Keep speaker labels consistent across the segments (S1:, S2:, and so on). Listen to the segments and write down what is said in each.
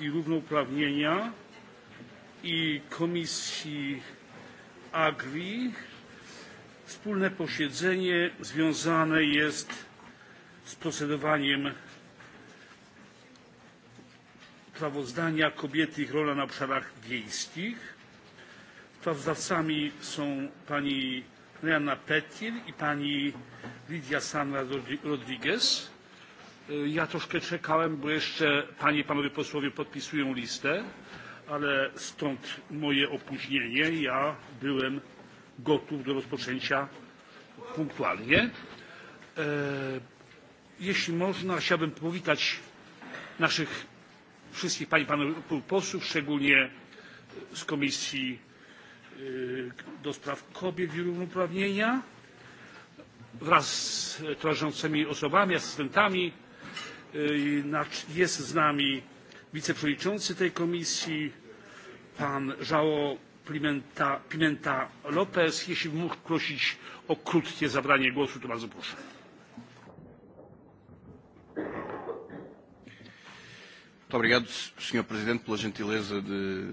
S1: i Równouprawnienia i Komisji Agri. Wspólne posiedzenie związane jest z procedowaniem sprawozdania kobiety i ich rola na obszarach wiejskich. Sprawozdawcami są pani Marianna Petir i pani Lidia Sandra Rodrigues. Ja troszkę czekałem, bo jeszcze panie i panowie posłowie podpisują listę, ale stąd moje opóźnienie. Ja byłem gotów do rozpoczęcia punktualnie. E, jeśli można, chciałbym powitać naszych wszystkich pań i panów posłów, szczególnie z Komisji e, do Spraw Kobiet i Równouprawnienia wraz z towarzyszącymi osobami, asystentami Jest z nami wiceprzewodniczący tej komisji, pan João Pimenta, lopes Lopez. Jeśli mógł prosić o krótkie zabranie głosu, to bardzo proszę.
S2: Muito obrigado, Sr. Presidente, pela gentileza de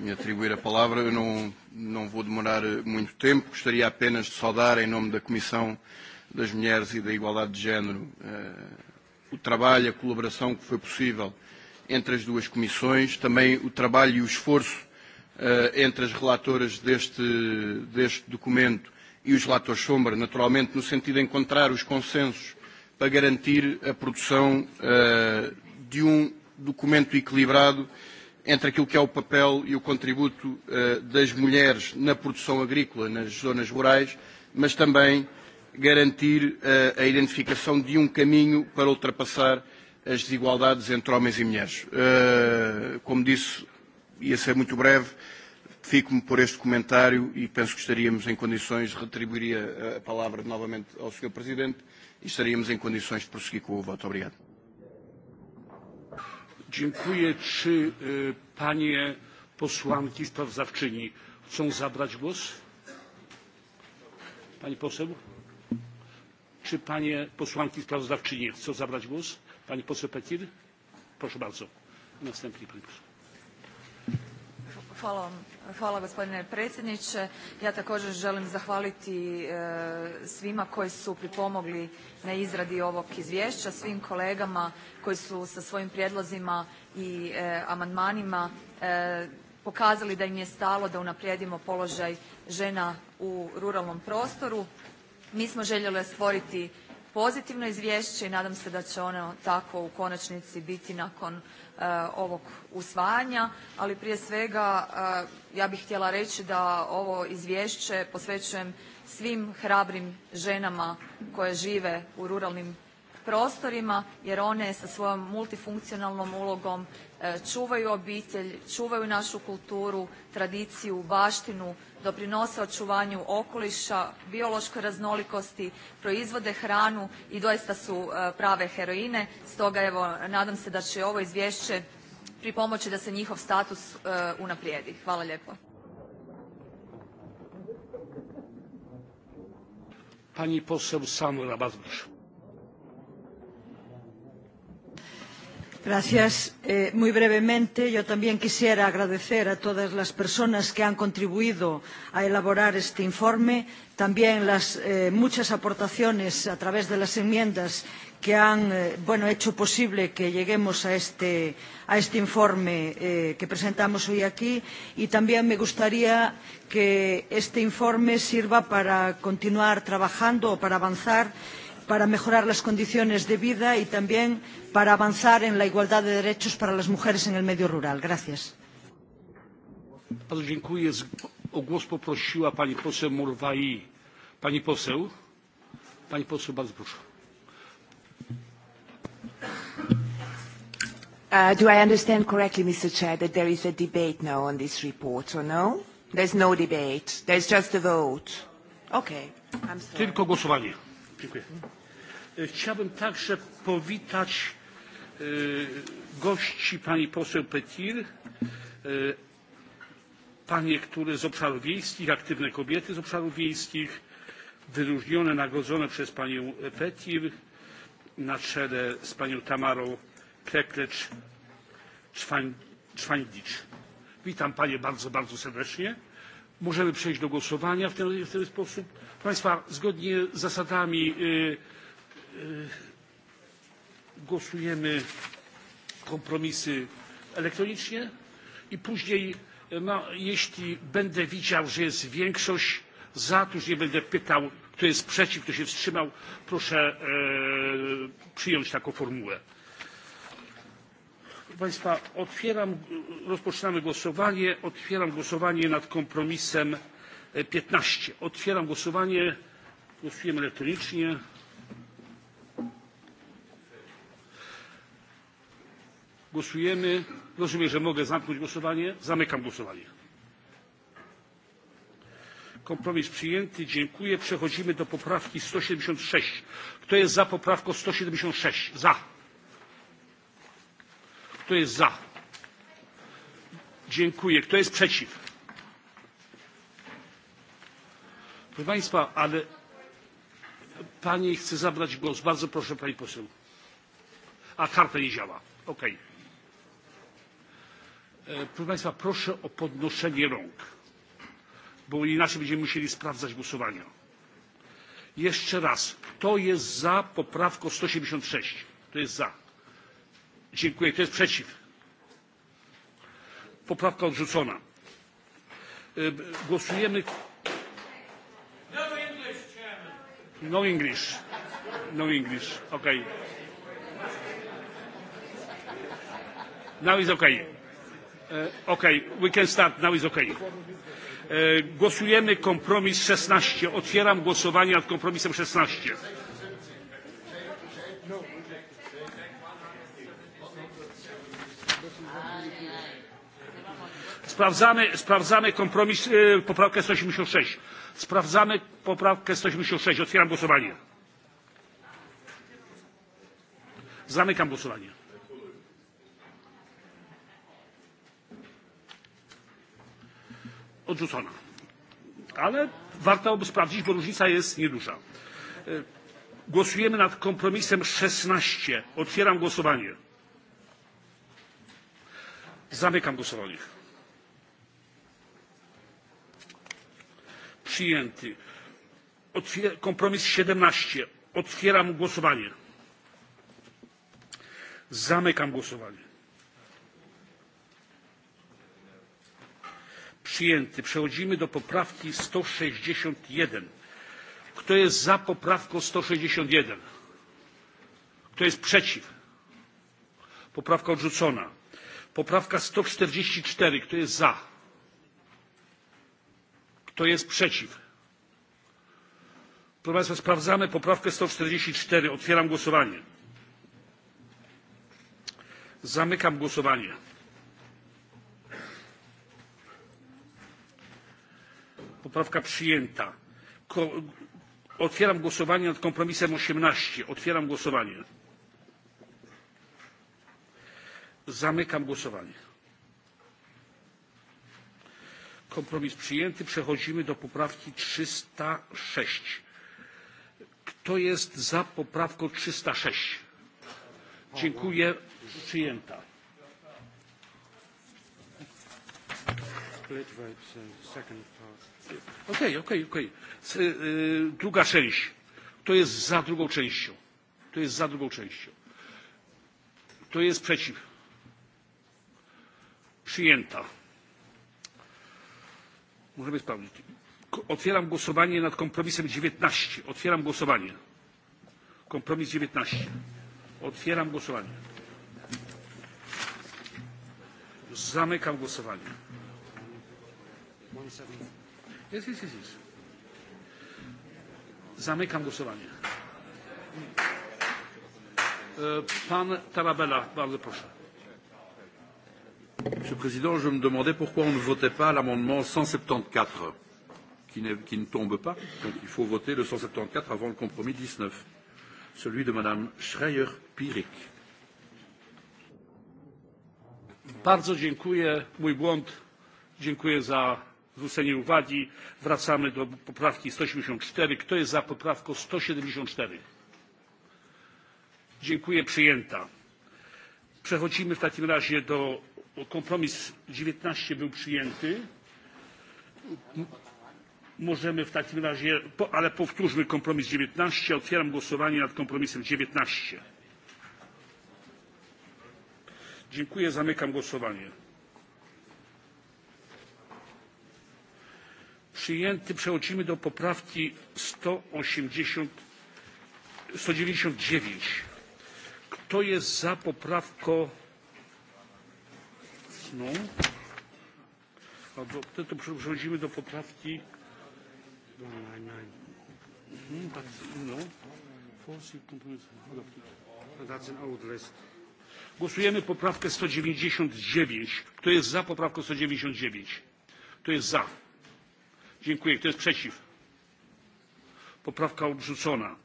S2: me atribuir a palavra. Eu não, não vou demorar muito tempo. Gostaria apenas de saudar, em nome da Comissão das Mulheres e da Igualdade de Género, eh, o trabalho, a colaboração que foi possível entre as duas comissões, também o trabalho e o esforço uh, entre as relatoras deste, deste documento e os relatores sombra, naturalmente, no sentido de encontrar os consensos para garantir a produção uh, de um documento equilibrado entre aquilo que é o papel e o contributo uh, das mulheres na produção agrícola nas zonas rurais, mas também garantir eh, a identificação de um caminho para ultrapassar as desigualdades entre homens e mulheres. Eh, como disse, ia ser muito breve, fico-me por este comentário e penso que estaríamos em condições, retribuiria eh, a palavra novamente ao Sr. Presidente e estaríamos em condições de prosseguir com o voto. Obrigado. Dziękuję.
S1: Czy y, e, panie posłanki sprawozdawczyni chcą zabrać głos? Pani poseł? Czy panie posłanki sprawozdawczynie chcą zabrać głos? Pani poseł Petir? Proszę bardzo. Następnie pani poseł.
S3: Hvala vam. Hvala gospodine predsjedniče. Ja također želim zahvaliti e, svima koji su pripomogli na izradi ovog izvješća, svim kolegama koji su sa svojim prijedlozima i e, amandmanima e, pokazali da im je stalo da unaprijedimo položaj žena u ruralnom prostoru Mi smo željeli stvoriti pozitivno izvješće i nadam se da će ono tako u konačnici biti nakon e, ovog usvajanja, ali prije svega e, ja bih htjela reći da ovo izvješće posvećujem svim hrabrim ženama koje žive u ruralnim prostorima jer one sa svojom multifunkcionalnom ulogom eh, čuvaju obitelj, čuvaju našu kulturu, tradiciju, baštinu doprinose očuvanju okoliša, biološkoj raznolikosti, proizvode hranu i doista su e, prave heroine. Stoga evo nadam se da će ovo izvješće pripomoći da se njihov status e, unaprijedi. Hvala lijepo. Gracias. Eh, muy brevemente, yo también quisiera agradecer a todas las personas que han contribuido a elaborar este informe, también las eh, muchas aportaciones a través de las enmiendas que han eh, bueno, hecho posible que lleguemos a este, a este informe eh, que presentamos hoy aquí y también me gustaría que este informe sirva para continuar trabajando o para avanzar para mejorar las condiciones de vida y también para avanzar en la igualdad de derechos para las mujeres en el medio rural. Gracias.
S1: O głos poprosiła pani poseł Morwai. Pani poseł? Pani poseł, bardzo proszę.
S4: Uh, do I
S3: understand correctly, Mr. Chair, that there is a debate now on this report, or no? There's no debate. There's just a vote.
S1: Okay. I'm sorry. Tylko głosowanie. Dziękuję. E, chciałbym także powitać e, gości pani poseł Petir, e, panie, które z obszarów wiejskich, aktywne kobiety z obszarów wiejskich, wyróżnione, nagrodzone przez panią Petir na czele z panią Tamarą Kreklecz Czwańdicz. Witam panie bardzo, bardzo serdecznie. Możemy przejść do głosowania w ten, w ten sposób. Proszę Państwa, zgodnie z zasadami y, E, głosujemy kompromisy elektronicznie i później no, jeśli będę widział że jest większość za to już nie będę pytał kto jest przeciw kto się wstrzymał proszę e, przyjąć taką formułę. proszę państwa rozpoczynamy głosowanie. otwieram głosowanie nad kompromisem e, piętnaście otwieram głosowanie. głosujemy elektronicznie. Głosujemy. Rozumiem, że mogę zamknąć głosowanie. Zamykam głosowanie. Kompromis przyjęty. Dziękuję. Przechodzimy do poprawki 176. Kto jest za poprawką 176? Za. Kto jest za? Dziękuję. Kto jest przeciw? Proszę Państwa, ale Pani chce zabrać głos. Bardzo proszę Pani poseł. A karta nie działa. Okej. Okay. E, proszę Państwa, proszę o podnoszenie rąk, bo inaczej będziemy musieli sprawdzać głosowania. Jeszcze raz, kto jest za poprawką sześć Kto jest za? Dziękuję. Kto jest przeciw? Poprawka odrzucona. E, głosujemy. No, no English. No English. Okay. Now is okay. E, okej, okay, start, now is okej. Okay. E, głosujemy kompromis 16. Otwieram głosowanie nad kompromisem 16. Sprawdzamy, sprawdzamy kompromis, e, poprawkę 186. Sprawdzamy poprawkę 186. Otwieram głosowanie. Zamykam głosowanie. odrzucona. Ale warto by sprawdzić, bo różnica jest nieduża. E, głosujemy nad kompromisem 16. Otwieram głosowanie. Zamykam głosowanie. Przyjęty. Otwier kompromis 17. Otwieram głosowanie. Zamykam głosowanie. przyjęty. przechodzimy do poprawki sto sześćdziesiąt jeden kto jest za poprawką sto sześćdziesiąt jeden kto jest przeciw? poprawka odrzucona. poprawka sto czterdzieści cztery kto jest za? kto jest przeciw? proszę państwa sprawdzamy poprawkę sto czterdzieści cztery otwieram głosowanie. zamykam głosowanie. Poprawka przyjęta. Ko otwieram głosowanie nad kompromisem 18. Otwieram głosowanie. Zamykam głosowanie. Kompromis przyjęty. Przechodzimy do poprawki 306. Kto jest za poprawką 306? Dziękuję. Przyjęta. split vote, so second part. Okej, okej, okej. E, druga część. To jest za drugą częścią? To jest za drugą częścią? To jest przeciw? Przyjęta. Możemy sprawdzić. Otwieram głosowanie nad kompromisem 19. Otwieram głosowanie. Kompromis 19. Otwieram głosowanie. Zamykam głosowanie. Jest, jest, jest, jest. Zamykam głosowanie. E, pan Tarabella, bardzo proszę. Monsieur le Président, je me demandais pourquoi on ne votait pas l'amendement 174, qui, qui ne tombe pas. Donc il faut voter le 174 avant le compromis 19, celui de Madame Schreier-Pirik. Bardzo dziękuję. Mój błąd. Dziękuję za zwrócenie uwagi. Wracamy do poprawki sto cztery Kto jest za poprawką sto siedemdziesiąt cztery Dziękuję, przyjęta. Przechodzimy w takim razie do kompromis dziewiętnaście był przyjęty. Możemy w takim razie, ale powtórzmy kompromis dziewiętnaście Otwieram głosowanie nad kompromisem dziewiętnaście Dziękuję. Zamykam głosowanie. przyjęty. przechodzimy do poprawki sto dziewięćdzisiąt dziewięć kto jest za poprawką no. Dobrze, to przechodzimy do poprawki. Mhm, no. Głosujemy poprawkę 199. Kto jest za poprawką 199? Kto jest za? Dziękuję. Kto jest przeciw? Poprawka odrzucona.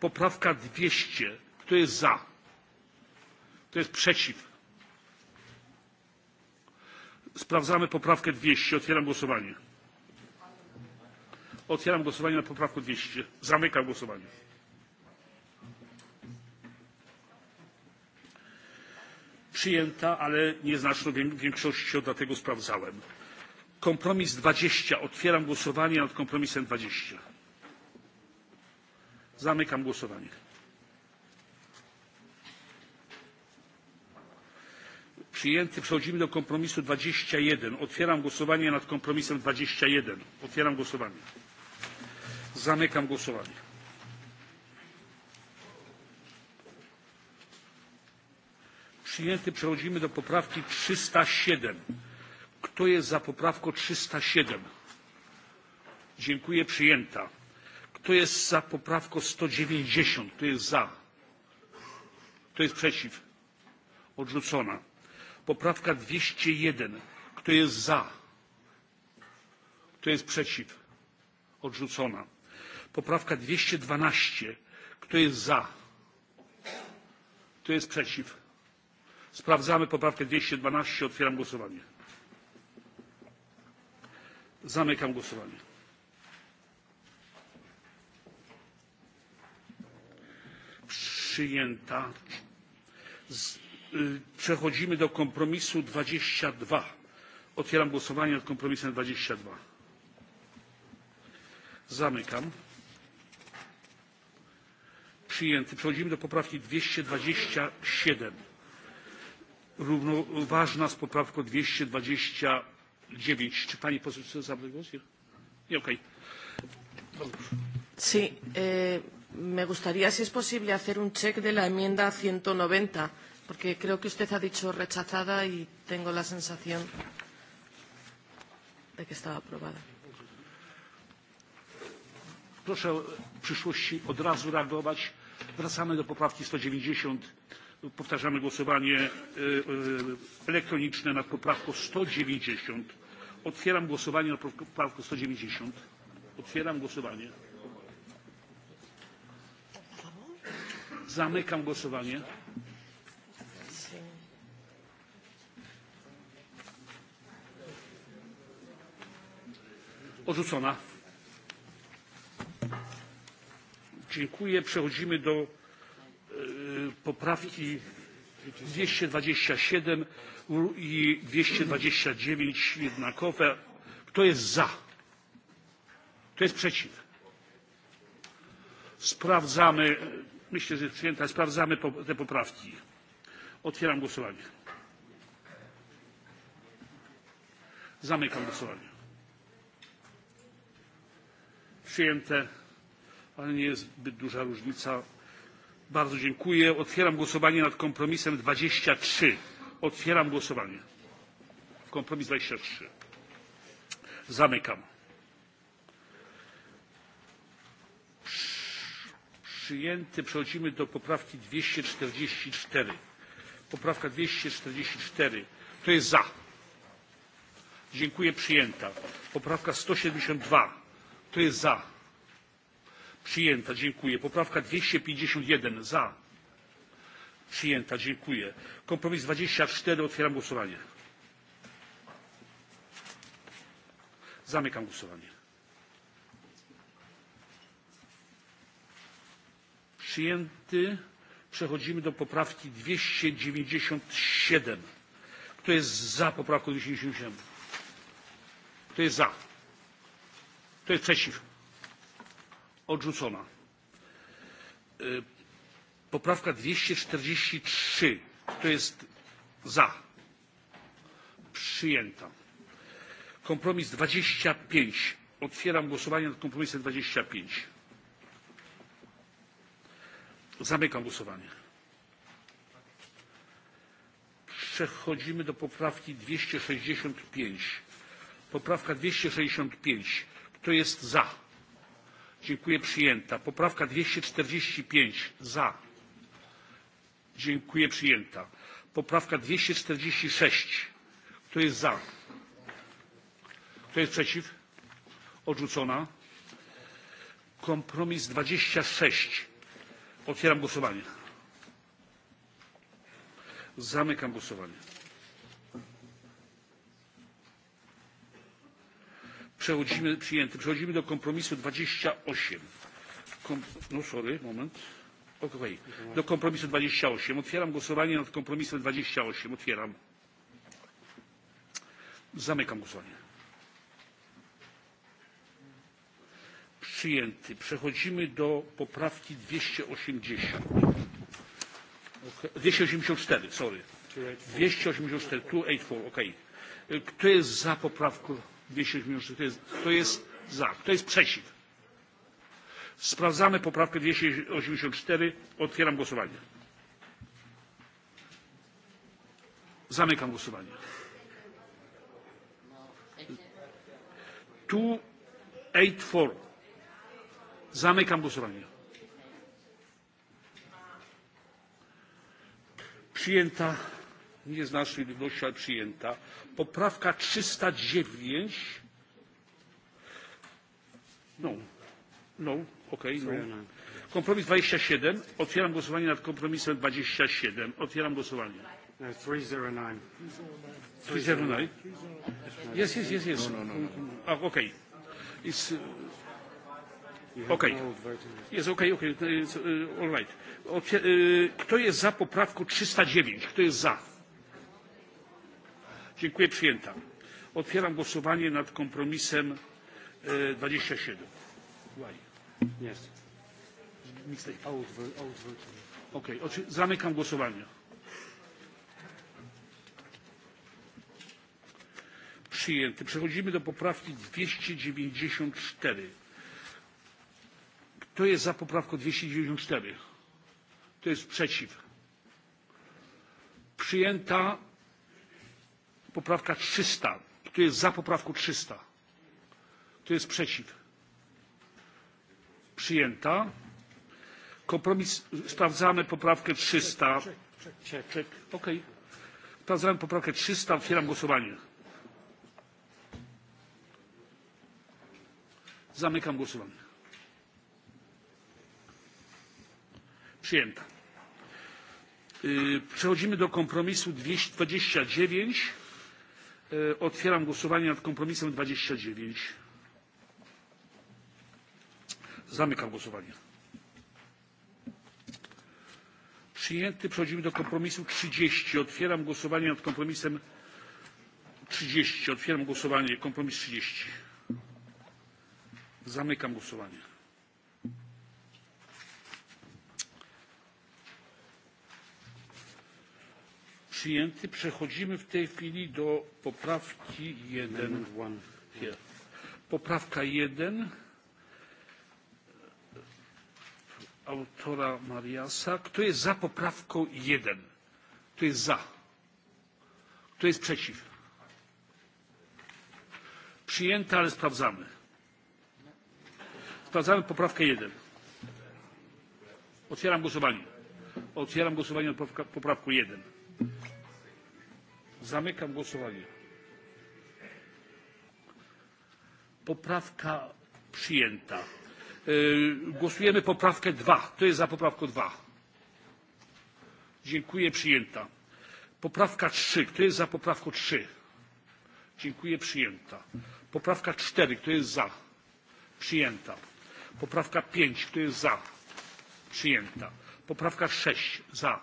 S1: Poprawka 200. Kto jest za? Kto jest przeciw? Sprawdzamy poprawkę 200. Otwieram głosowanie. Otwieram głosowanie na poprawkę 200. Zamykam głosowanie. Przyjęta, ale nieznaczną większością, dlatego sprawdzałem kompromis dwadzieścia otwieram głosowanie nad kompromisem. dwadzieścia zamykam głosowanie. przyjęty. przechodzimy do kompromisu dwadzieścia jeden otwieram głosowanie nad kompromisem. dwadzieścia jeden otwieram głosowanie. zamykam głosowanie. przyjęty. przechodzimy do poprawki trzysta siedem Kto jest za poprawką 307? Dziękuję, przyjęta. Kto jest za poprawką 190? Kto jest za? Kto jest przeciw? Odrzucona. Poprawka 201. Kto jest za? Kto jest przeciw? Odrzucona. Poprawka 212. Kto jest za? Kto jest przeciw? Sprawdzamy poprawkę 212. Otwieram głosowanie. Zamykam głosowanie. Przyjęta. Przechodzimy do kompromisu 22. Otwieram głosowanie nad kompromisem 22. Zamykam. Przyjęty. Przechodzimy do poprawki 227. Równoważna z poprawką 220 dziewięć czy pani poseł chce zabrać głos? nie okej. Okay.
S4: Sí, eh, me gustaría, si es posible, hacer un check de la enmienda 190, porque creo que usted ha dicho rechazada y tengo la sensación de que estaba aprobada.
S1: Proszę w przyszłości od razu reagować. Wracamy do poprawki 190 powtarzamy głosowanie e, e, elektroniczne nad poprawką sto dziewięćdzisiąt otwieram głosowanie nad poprawką sto dziewięćdzisiąt otwieram głosowanie zamykam głosowanie odrzucona dziękuję przechodzimy do E, poprawki dwieście dwadzieścia siedem i dwieście dwadzieścia dziewięć jednakowe. kto jest za? kto jest przeciw? sprawdzamy myślę że jest przyjęta sprawdzamy te poprawki. otwieram głosowanie. zamykam głosowanie. przyjęte ale nie jest zbyt duża różnica Bardzo dziękuję. Otwieram głosowanie nad kompromisem 23. Otwieram głosowanie. Kompromis 23. Zamykam. Przyjęty. Przechodzimy do poprawki 244. Poprawka 244. Kto jest za? Dziękuję. Przyjęta. Poprawka 172. Kto jest za? Przyjęta. Dziękuję. Poprawka 251. Za. Przyjęta. Dziękuję. Kompromis 24. Otwieram głosowanie. Zamykam głosowanie. Przyjęty. Przechodzimy do poprawki 297. Kto jest za poprawką 297? Kto jest za? Kto jest przeciw? odrzucona. Poprawka 243. Kto jest za? Przyjęta. Kompromis 25. Otwieram głosowanie nad kompromisem 25. Zamykam głosowanie. Przechodzimy do poprawki 265. Poprawka 265. Kto jest za? Dziękuję. Przyjęta. Poprawka pięć Za. Dziękuję. Przyjęta. Poprawka sześć Kto jest za? Kto jest przeciw? Odrzucona. Kompromis sześć Otwieram głosowanie. Zamykam głosowanie. Przechodzimy, no, do kompromisu dwadzieścia osiem Otwieram głosowanie nad kompromisem osiem Otwieram. Zamykam głosowanie. Przyjęty. Przechodzimy do poprawki dwieście osiemdziesiąt cztery sorry. 284, 284, okej. Okay. Kto jest za poprawką? 200 milionów. Kto jest, kto jest za? Kto jest przeciw? Sprawdzamy poprawkę 284. Otwieram głosowanie. Zamykam głosowanie. Tu 8-4. Zamykam głosowanie. Przyjęta nie z naszej ludności, ale przyjęta. Poprawka 309. No, no, okej, okay, no. no. Kompromis 27. Otwieram głosowanie nad kompromisem 27. Otwieram głosowanie. 309. 309. Yes, yes, yes, yes. No, no, no, no. Okej. Okay. Jest okej, okay, okej. Okay. All right. Kto jest za poprawką 309? Kto jest za? dziękuję przyjęta. otwieram głosowanie nad kompromisem e, dwadzieścia siedem zamykam głosowanie. przyjęty. przechodzimy do poprawki dwieście dziewięćdzisiąt cztery kto jest za poprawką dwieście dziewięćdzisiąt cztery kto jest przeciw? przyjęta poprawka trzysta kto jest za poprawką trzysta kto jest przeciw? przyjęta. kompromis sprawdzamy poprawkę trzysta okay. sprawdzamy poprawkę trzysta otwieram głosowanie. zamykam głosowanie. przyjęta. Przechodzimy do kompromisu dwieście dwadzieścia dziewięć E, otwieram głosowanie nad kompromisem dwadzieścia dziewięć Zamykam głosowanie. Przyjęty. Przechodzimy do kompromisu trzydzieści Otwieram głosowanie nad kompromisem trzydzieści Otwieram głosowanie. Kompromis trzydzieści Zamykam głosowanie. przyjęty. Przechodzimy w tej chwili do poprawki 1. Poprawka 1 autora Mariasa. Kto jest za poprawką 1? Kto jest za? Kto jest przeciw? Przyjęta, ale sprawdzamy. Sprawdzamy poprawkę 1. Otwieram głosowanie. Otwieram głosowanie na poprawką 1. Zamykam głosowanie. Poprawka przyjęta. Głosujemy poprawkę 2. To jest za poprawką 2? Dziękuję, przyjęta. Poprawka 3. Kto jest za poprawką 3? Dziękuję, przyjęta. Poprawka 4. Kto jest za? Przyjęta. Poprawka 5. Kto jest za? Przyjęta. Poprawka 6. Za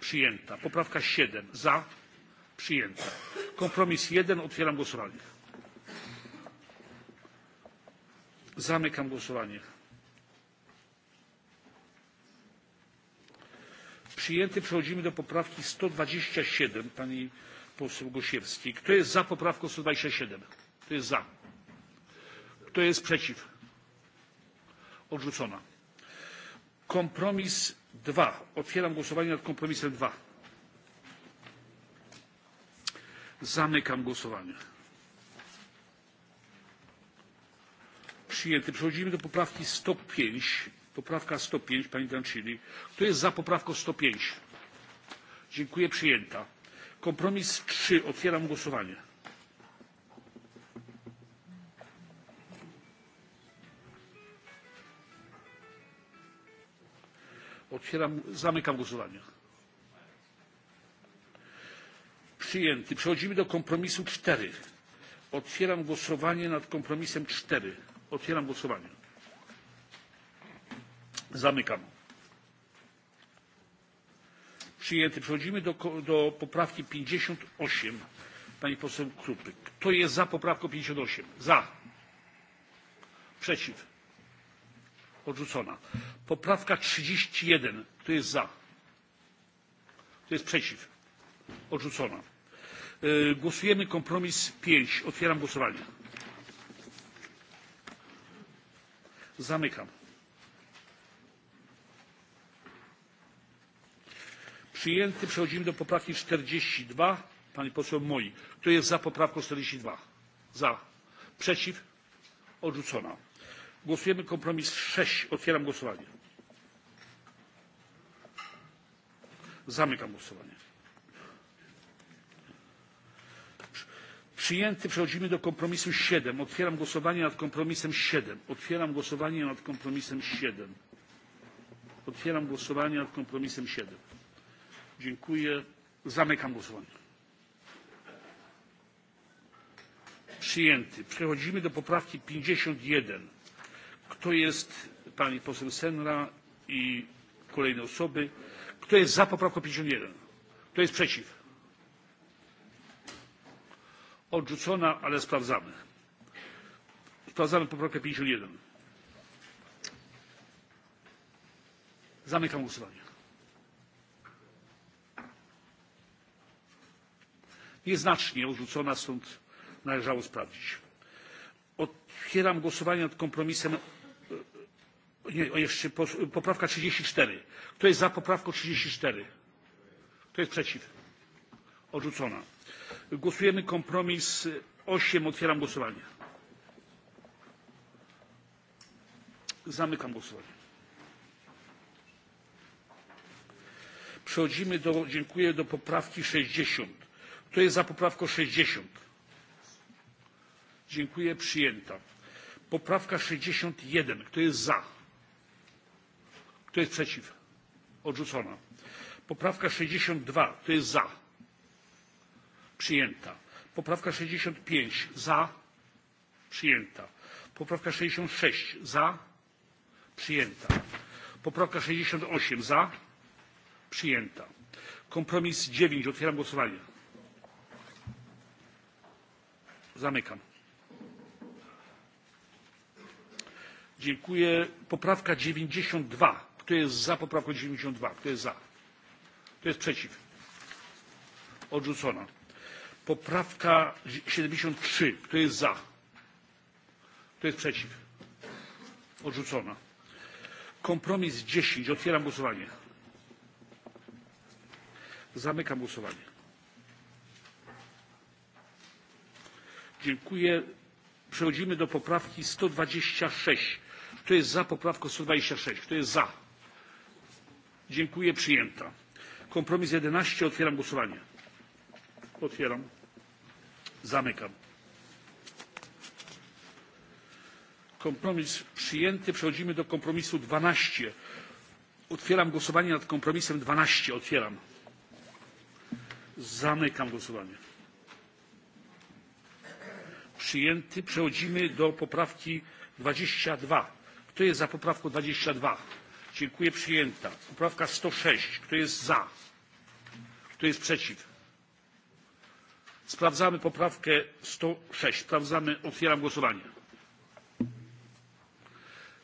S1: Przyjęta. Poprawka siedem Za. Przyjęta. Kompromis jeden Otwieram głosowanie. Zamykam głosowanie. Przyjęty. Przechodzimy do poprawki sto dwadzieścia siedem pani poseł Gosiewskiej. Kto jest za poprawką sto dwadzieścia siedem Kto jest za? Kto jest przeciw? Odrzucona. Kompromis dwa otwieram głosowanie nad kompromisem. dwa zamykam głosowanie. przyjęty. przechodzimy do poprawki sto pięć poprawka sto pięć pani danczyli. kto jest za poprawką? sto pięć dziękuję przyjęta. kompromis trzy otwieram głosowanie. Otwieram, zamykam głosowanie. Przyjęty. Przechodzimy do kompromisu 4. Otwieram głosowanie nad kompromisem 4. Otwieram głosowanie. Zamykam. Przyjęty. Przechodzimy do, do poprawki 58 pani poseł Krupy. Kto jest za poprawką 58? Za. Przeciw odrzucona. poprawka trzydzieści jeden kto jest za? kto jest przeciw? odrzucona. E, głosujemy kompromis pięć otwieram głosowanie. zamykam. przyjęty. przechodzimy do poprawki czterdzieści dwa pani poseł moi. kto jest za poprawką czterdzieści dwa? za. przeciw? odrzucona Głosujemy kompromis 6. Otwieram głosowanie. Zamykam głosowanie. Przyjęty. Przechodzimy do kompromisu 7. Otwieram głosowanie nad kompromisem 7. Otwieram głosowanie nad kompromisem 7. Otwieram głosowanie nad kompromisem 7. Dziękuję. Zamykam głosowanie. Przyjęty. Przechodzimy do poprawki 51 Kto jest, pani poseł Senra i kolejne osoby, kto jest za poprawką pięćdziesiąt jeden Kto jest przeciw? Odrzucona, ale sprawdzamy. Sprawdzamy poprawkę pięćdziesiąt jeden Zamykam głosowanie. Nieznacznie odrzucona, stąd należało sprawdzić. Otwieram głosowanie nad kompromisem nie, jeszcze poprawka 34. Kto jest za poprawką trzydzieści cztery Kto jest przeciw? Odrzucona. Głosujemy kompromis osiem Otwieram głosowanie. Zamykam głosowanie. Przechodzimy do, dziękuję, do poprawki sześćdziesiąt Kto jest za poprawką sześćdziesiąt Dziękuję, przyjęta. Poprawka sześćdziesiąt jeden Kto jest za? Kto jest przeciw? Odrzucona. Poprawka 62. Kto jest za? Przyjęta. Poprawka 65. Za? Przyjęta. Poprawka 66. Za? Przyjęta. Poprawka 68. Za? Przyjęta. Kompromis 9. Otwieram głosowanie. Zamykam. Dziękuję. Poprawka 92 Kto jest za poprawką dziewięćdzisiąt dwa Kto jest za? Kto jest przeciw? Odrzucona. Poprawka siedemdziesiąt trzy Kto jest za? Kto jest przeciw? Odrzucona. Kompromis dziesięć Otwieram głosowanie. Zamykam głosowanie. Dziękuję. Przechodzimy do poprawki sto dwadzieścia sześć Kto jest za poprawką sto dwadzieścia sześć Kto jest za? dziękuję przyjęta. kompromis jedenaście otwieram głosowanie. otwieram. zamykam. kompromis przyjęty. przechodzimy do kompromisu dwanaście otwieram głosowanie nad kompromisem dwanaście otwieram. zamykam głosowanie. przyjęty. przechodzimy do poprawki dwadzieścia dwa kto jest za poprawką dwadzieścia dwa? Dziękuję. Przyjęta. Poprawka 106. Kto jest za? Kto jest przeciw? Sprawdzamy poprawkę 106. Sprawdzamy. Otwieram głosowanie.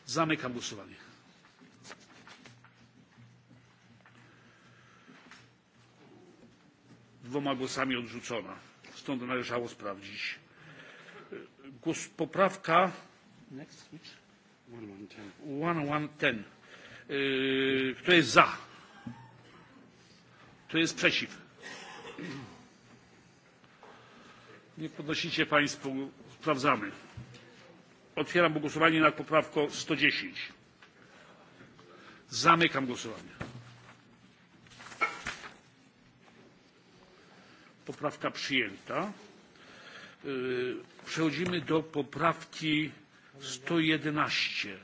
S1: Zamykam głosowanie. Dwoma głosami odrzucona. Stąd należało sprawdzić. Głos, poprawka 110. Kto jest za? Kto jest przeciw? Nie podnosicie państwo. Sprawdzamy. Otwieram głosowanie nad poprawką 110. Zamykam głosowanie. Poprawka przyjęta. Przechodzimy do poprawki 111.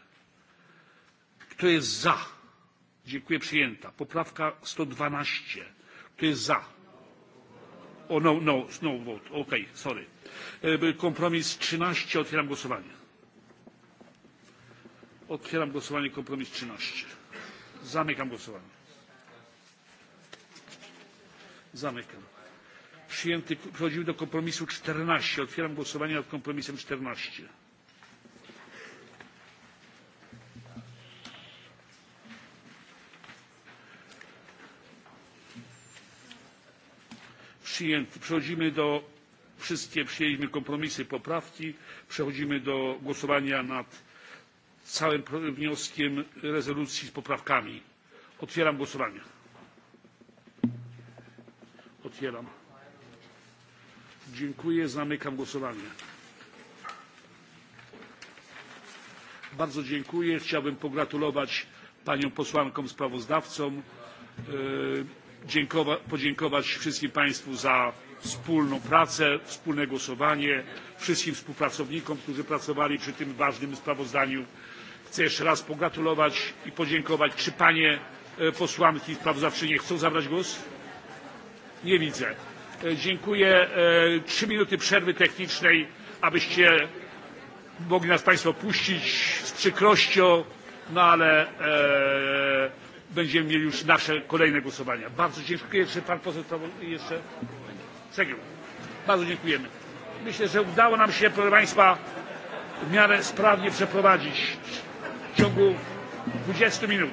S1: Kto jest za? Dziękuję, przyjęta. Poprawka dwanaście Kto jest za? Oh, no, no, no vote. OK, sorry. E, kompromis 13. Otwieram głosowanie. Otwieram głosowanie kompromis trzynaście Zamykam głosowanie. Zamykam. Przyjęty. Przechodzimy do kompromisu czternaście Otwieram głosowanie nad kompromisem 14. Przechodzimy do wszystkie przyjęliśmy kompromisy poprawki. przechodzimy do głosowania nad całym wnioskiem rezolucji z poprawkami. otwieram głosowanie. otwieram. dziękuję. zamykam głosowanie. bardzo dziękuję. chciałbym pogratulować paniom posłankom sprawozdawcom e, podziękować wszystkim państwu za wspólną pracę wspólne głosowanie wszystkim współpracownikom którzy pracowali przy tym ważnym sprawozdaniu. chcę jeszcze raz pogratulować i podziękować. czy panie e, posłanki sprawozdawczynie chcą zabrać głos? nie widzę. E, dziękuję. E, trzy minuty przerwy technicznej abyście mogli nas państwo opuścić z przykrością no ale będziemy mieli już nasze kolejne głosowania. Bardzo dziękuję. Czy pan poseł jeszcze? Cegiel. Bardzo dziękujemy. Myślę, że udało nam się, proszę państwa, w miarę sprawnie przeprowadzić w ciągu 20 minut.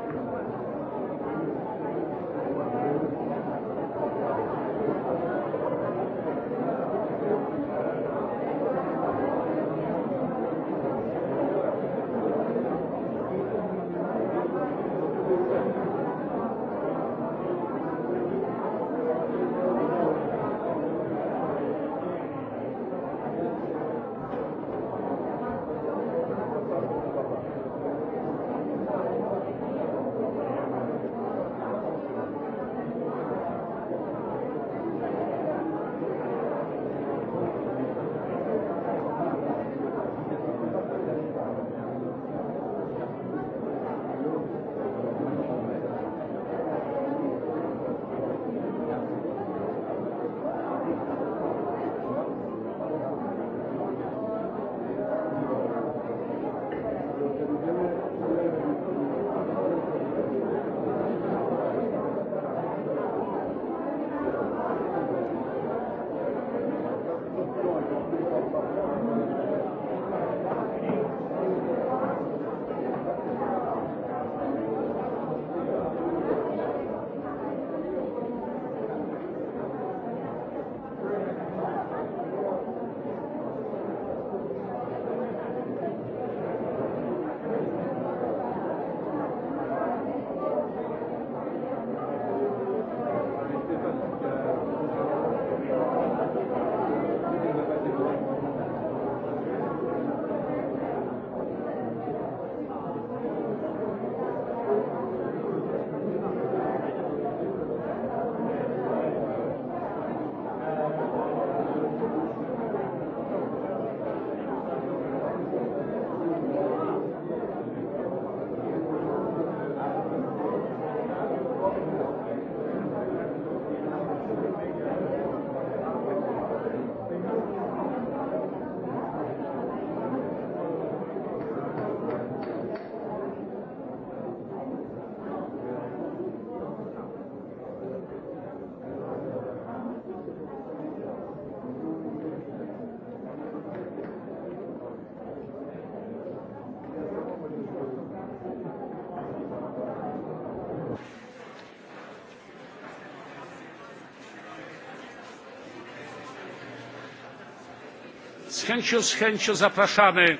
S1: chęcią, z chęcią zapraszamy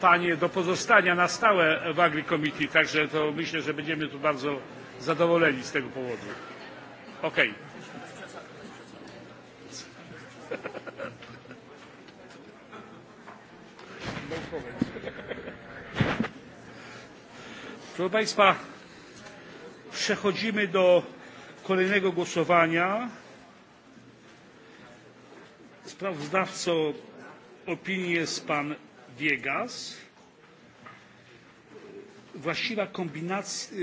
S1: panie do pozostania na stałe w agri committee także to myślę że będziemy tu bardzo zadowoleni z tego powodu. Okay. Proszę Państwa, przechodzimy do kolejnego głosowania. Sprawozdawcą opinii jest pan Viegas. Właściwa kombinacja,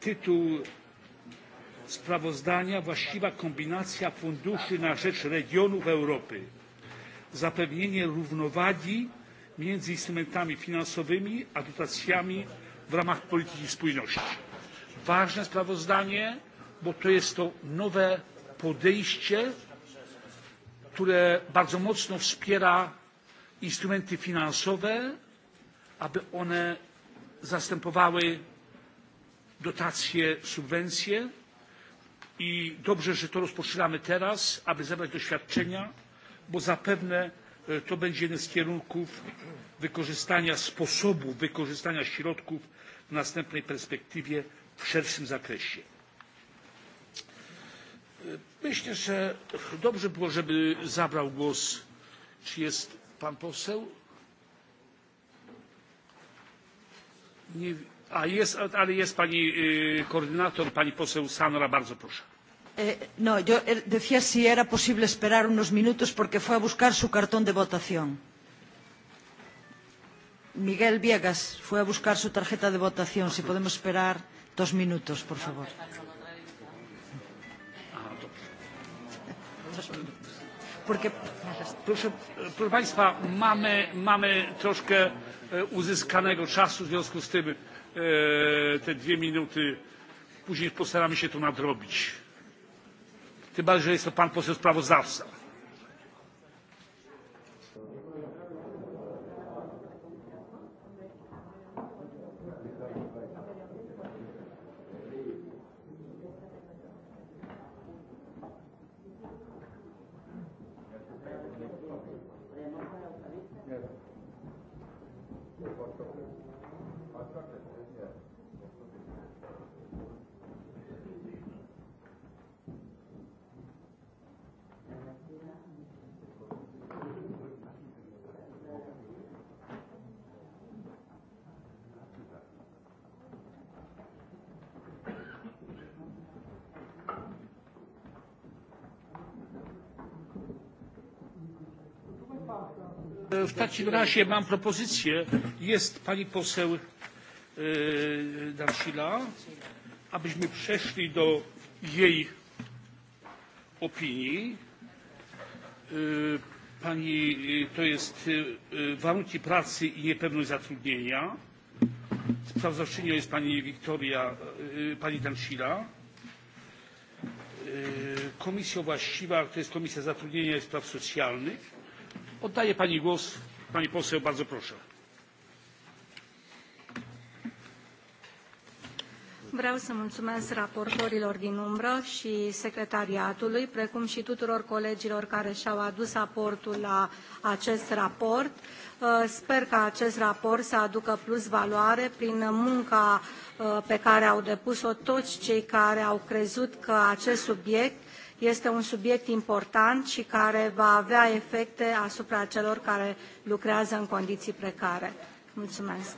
S1: tytuł sprawozdania właściwa kombinacja funduszy na rzecz regionów Europy, zapewnienie równowagi między instrumentami finansowymi a dotacjami w ramach polityki spójności. Ważne sprawozdanie, bo to jest to nowe podejście które bardzo mocno wspiera instrumenty finansowe aby one zastępowały dotacje subwencje i dobrze że to rozpoczynamy teraz aby zebrać doświadczenia bo zapewne e, to będzie jeden z kierunków wykorzystania sposobu wykorzystania środków w następnej perspektywie w szerszym zakresie. Myślę, że dobrze było, żeby zabrał głos. Czy jest pan poseł? Nie, a jest, ale jest pani y, koordynator, pani poseł Sanora, bardzo proszę.
S3: E, no, yo er, decía si era posible esperar unos minutos porque fue a buscar su cartón de votación. Miguel Viegas fue a buscar su tarjeta de votación. Si podemos esperar
S1: dos minutos, por favor. No, Porque, proszę, proszę Państwa, mamy, mamy troszkę e, uzyskanego czasu, w związku z tym e, te dwie minuty, później postaramy się to nadrobić. Tym bardziej, że jest to pan poseł sprawozdawca. w takim razie mam propozycję jest pani poseł e, dncil abyśmy przeszli do jej opinii e, pani to jest e, warunki pracy i niepewność zatrudnienia sprawozdawczynią jest pani Wiktoria, pani Dancila. Komisją właściwa to jest Komisja Zatrudnienia i Spraw Socjalnych. Oddaję pani głos. Pani poseł, bardzo proszę.
S3: Vreau să mulțumesc raportorilor din umbră și secretariatului, precum și tuturor colegilor care și-au adus aportul la acest raport. Uh, sper ca acest raport să aducă plus valoare prin munca uh, pe care au depus-o toți cei care au crezut că acest subiect este un subiect important și care va avea efecte asupra celor care lucrează în condiții precare. Mulțumesc!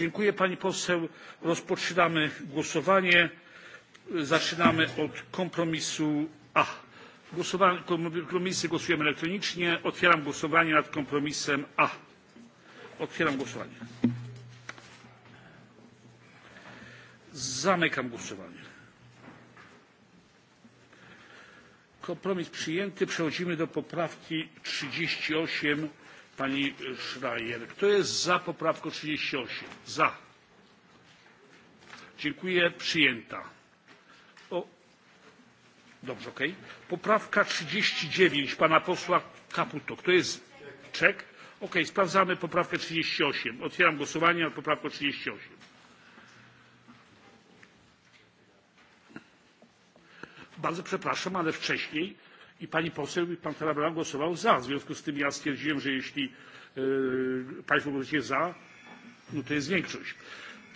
S1: Dziękuję pani poseł. Rozpoczynamy głosowanie. Zaczynamy od kompromisu A. Głosowanie, kompromisy głosujemy elektronicznie. Otwieram głosowanie nad kompromisem A. Otwieram głosowanie. Zamykam głosowanie. Kompromis przyjęty. Przechodzimy do poprawki 38 pani Schreier. Kto jest za poprawką 38? Za. Dziękuję. Przyjęta. O. Dobrze, okej. Okay. Poprawka 39 pana posła Kaputo. Kto jest? Czek. Okej, okay, sprawdzamy poprawkę 38. Otwieram głosowanie nad poprawką 38. bardzo przepraszam ale wcześniej i pani poseł i pan tarabella głosował za w związku z tym ja stwierdziłem że jeśli e, państwo głosujecie za no to jest większość.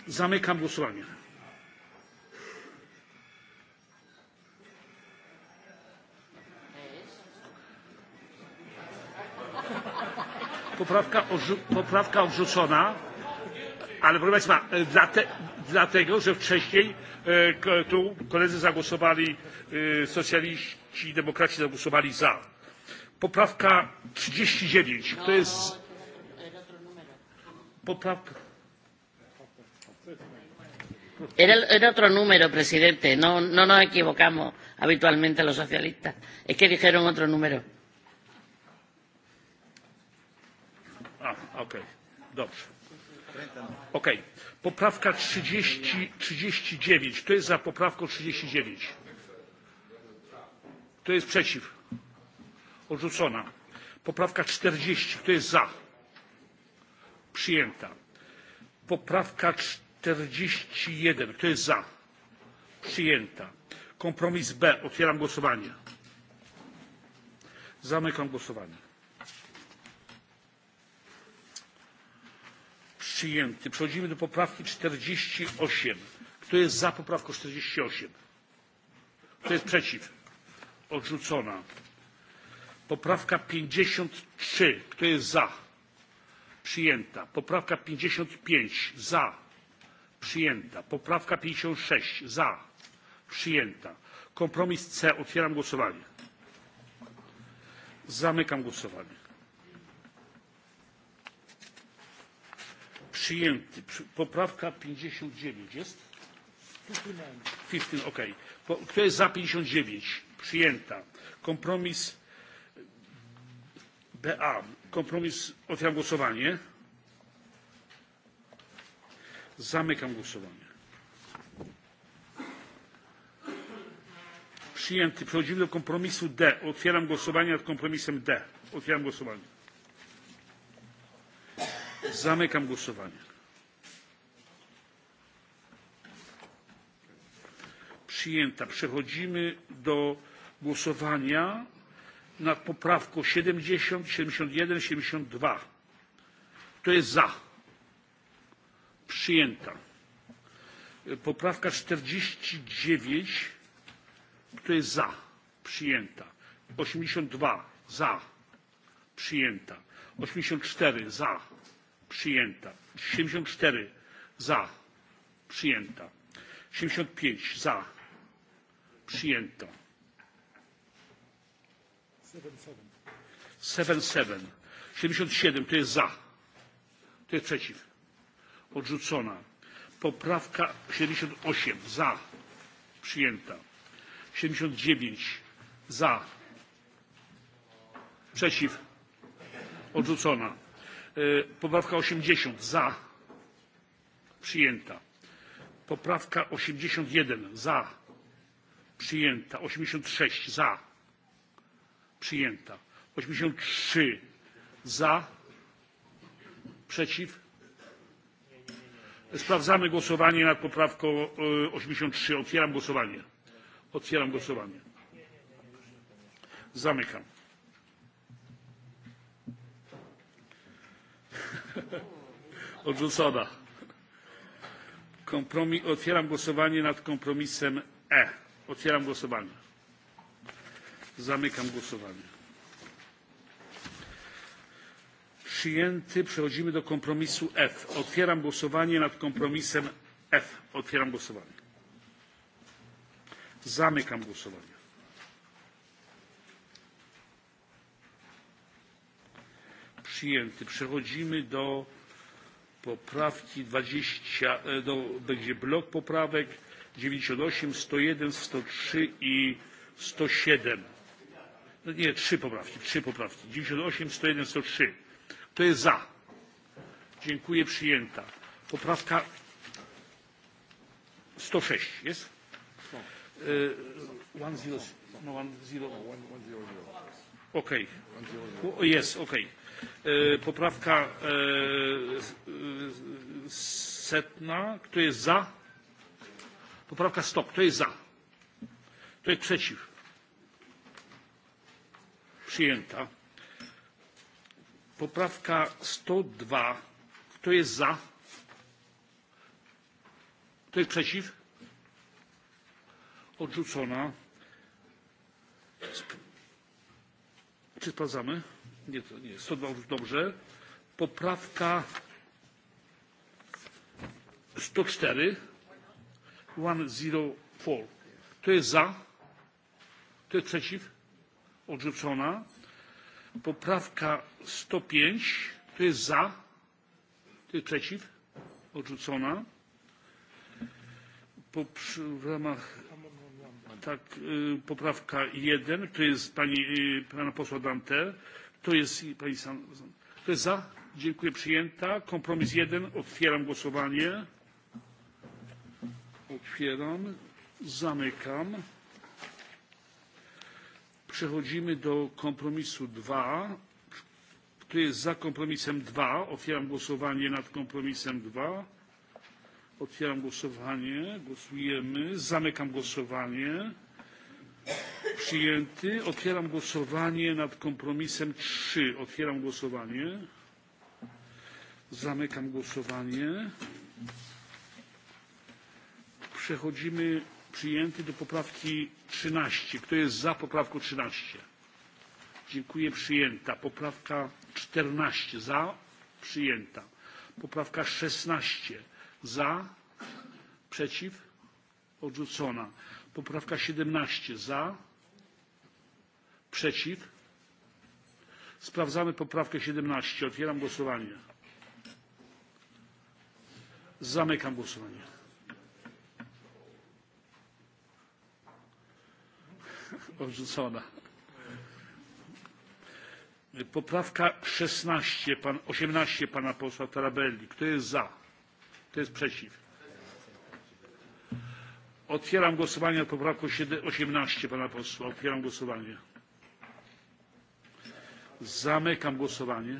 S1: zamykam głosowanie. poprawka odrzucona ale proszę Państwa, e, dlate, dlatego, że wcześniej e, tu koledzy zagłosowali, e, socjaliści i demokraci zagłosowali za. Poprawka 39, to jest...
S4: Poprawka... Era, era otro número, presidente. No, no nos equivocamos habitualmente los socialistas. Es que dijeron otro número.
S1: Ah, ok. Dobrze.
S4: Okej. Poprawka 30,
S1: 39. Kto jest za poprawką 39? Kto jest przeciw? Odrzucona. Poprawka 40. Kto jest za? Przyjęta. Poprawka 41. Kto jest za? Przyjęta. Kompromis B. Otwieram głosowanie. Zamykam głosowanie. przyjęty. Przechodzimy do poprawki czterdzieści osiem. Kto jest za poprawką czterdzieści osiem? Kto jest przeciw? Odrzucona. Poprawka pięćdziesiąt trzy. Kto jest za? Przyjęta. Poprawka pięćdziesiąt pięć. Za. Przyjęta. Poprawka pięćdziesiąt sześć. Za. Przyjęta. Kompromis C. Otwieram głosowanie. Zamykam głosowanie. Przyjęty. Poprawka 59 jest? 15, Okay. Kto jest za 59? Przyjęta. Kompromis BA. Kompromis, otwieram głosowanie. Zamykam głosowanie. Przyjęty. Przechodzimy do kompromisu D. Otwieram głosowanie nad kompromisem D. Otwieram głosowanie. Zamykam głosowanie. Przyjęta. Przechodzimy do głosowania nad poprawką 70, 71, 72. Kto jest za? Przyjęta. Poprawka 49. Kto jest za? Przyjęta. 82. Za. Przyjęta. 84. Za Przyjęta. 74. Za. Przyjęta. 75. Za. Przyjęta. 77. 77. To jest za. To jest przeciw. Odrzucona. Poprawka 78. Za. Przyjęta. 79. Za. Przeciw. Odrzucona E, poprawka osiemdziesiąt za przyjęta poprawka osiemdziesiąt jeden za przyjęta osiemdziesiąt sześć za przyjęta osiemdziesiąt trzy za przeciw sprawdzamy głosowanie nad poprawką e, osiemdziesiąt trzy otwieram głosowanie otwieram głosowanie zamykam Odrzucona. Kompromis, otwieram głosowanie nad kompromisem E. Otwieram głosowanie. Zamykam głosowanie. Przyjęty. Przechodzimy do kompromisu F. Otwieram głosowanie nad kompromisem F. Otwieram głosowanie. Zamykam głosowanie. przyjęty. Przechodzimy do poprawki 20, e, do, będzie blok poprawek 98, 101, 103 i 107. No nie, trzy poprawki, trzy poprawki. 98, 101, 103. Kto jest za? Dziękuję, przyjęta. Poprawka 106 jest? No, one no one zero. No, one, one Okej. Okay. Jest, okej. Okay. E, poprawka e, e, setna. Kto jest za? Poprawka stop. Kto jest za? Kto jest przeciw? Przyjęta. Poprawka 102. Kto jest za? Kto jest przeciw? Odrzucona czy sprawdzamy? Nie, to nie. 102 już dobrze. Poprawka 104. 104. To jest za? To jest przeciw? Odrzucona. Poprawka 105. To jest za? To jest przeciw? Odrzucona. Po, w ramach tak, poprawka 1, to jest pani, pana posła Dante, to jest pani San, kto jest za? Dziękuję, przyjęta. Kompromis 1, otwieram głosowanie. Otwieram, zamykam. Przechodzimy do kompromisu 2. Kto jest za kompromisem 2? Otwieram głosowanie nad kompromisem 2. Otwieram głosowanie. Głosujemy. Zamykam głosowanie. Przyjęty. Otwieram głosowanie nad kompromisem 3. Otwieram głosowanie. Zamykam głosowanie. Przechodzimy przyjęty do poprawki 13. Kto jest za poprawką 13? Dziękuję. Przyjęta. Poprawka 14. Za. Przyjęta. Poprawka 16 za, przeciw, odrzucona. Poprawka 17 za, przeciw. Sprawdzamy poprawkę 17. Otwieram głosowanie. Zamykam głosowanie. Odrzucona. Poprawka 16, pan, 18 pana posła Tarabelli. Kto jest za? Kto jest przeciw? Otwieram głosowanie nad poprawką 18 pana posła. Otwieram głosowanie. Zamykam głosowanie.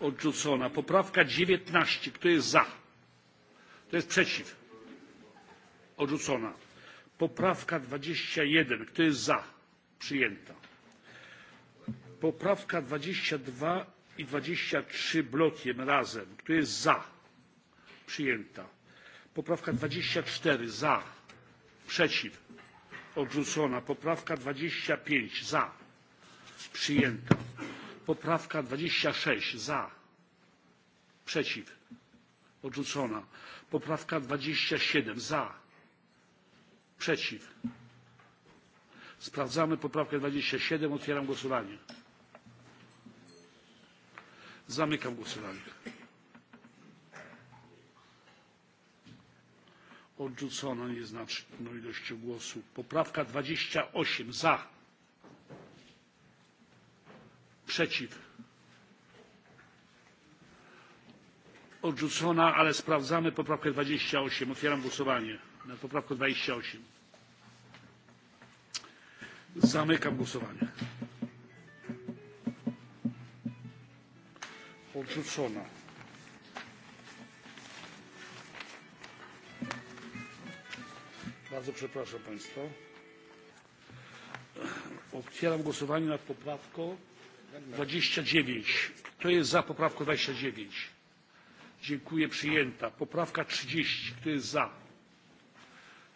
S1: Odrzucona. Poprawka 19. Kto jest za? Kto jest przeciw? Odrzucona. Poprawka 21. Kto jest za? Przyjęta poprawka dwadzieścia dwa i dwadzieścia trzy blokiem razem kto jest za? przyjęta. poprawka dwadzieścia cztery za przeciw odrzucona. poprawka dwadzieścia pięć za przyjęta. poprawka dwadzieścia sześć za przeciw odrzucona. poprawka dwadzieścia siedem za przeciw sprawdzamy poprawkę dwadzieścia siedem otwieram głosowanie. Zamykam głosowanie. Odrzucono nieznaczną ilością głosów. Poprawka dwadzieścia osiem za. Przeciw. Odrzucona, ale sprawdzamy poprawkę dwadzieścia osiem Otwieram głosowanie nad poprawką dwadzieścia osiem Zamykam głosowanie. odrzucona. Bardzo przepraszam Państwa. Otwieram głosowanie nad poprawką 29. Kto jest za poprawką 29? Dziękuję, przyjęta. Poprawka 30. Kto jest za?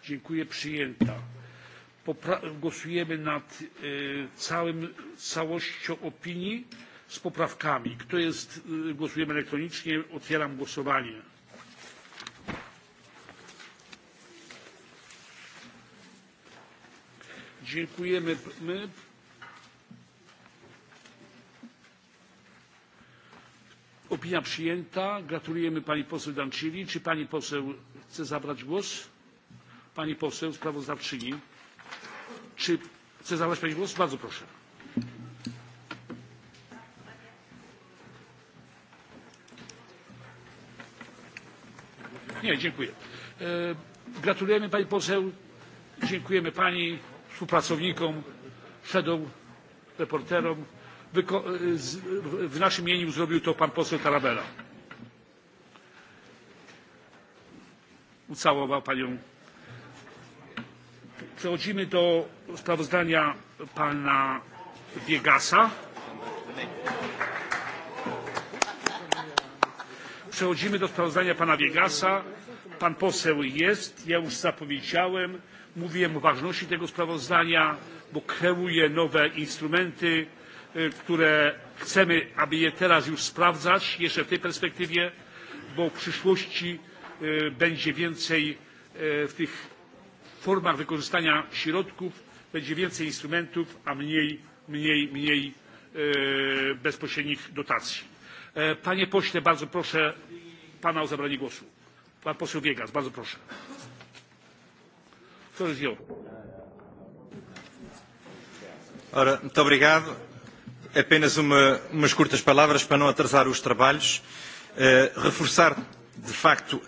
S1: Dziękuję, przyjęta. Popra głosujemy nad y, całym, całością opinii z poprawkami. Kto jest, za głosowaniem elektronicznie. Otwieram głosowanie. Dziękujemy. Opinia przyjęta. Gratulujemy pani poseł Danczyli. Czy pani poseł chce zabrać głos? Pani poseł sprawozdawczyni. Czy chce zabrać pani głos? Bardzo proszę. Nie, dziękuję. E, gratulujemy pani poseł. Dziękujemy pani współpracownikom, shadow reporterom. E, w naszym imieniu zrobił to pan poseł Tarabella. Ucałował panią. Przechodzimy do sprawozdania pana Biegasa. Przechodzimy do sprawozdania pana Biegasa. Pan poseł jest. Ja już zapowiedziałem, mówiłem o ważności tego sprawozdania, bo kreuje nowe instrumenty, które chcemy, aby je teraz już sprawdzać, jeszcze w tej perspektywie, bo w przyszłości będzie więcej w tych formach wykorzystania środków, będzie więcej instrumentów, a mniej, mniej, mniej bezpośrednich dotacji. E, panie pośle, bardzo proszę pana o zabranie głosu. Pan poseł Biegas, bardzo proszę.
S5: Ora, muito obrigado. Apenas uma, umas curtas palavras para não atrasar os trabalhos. Uh, reforçar, de facto, uh,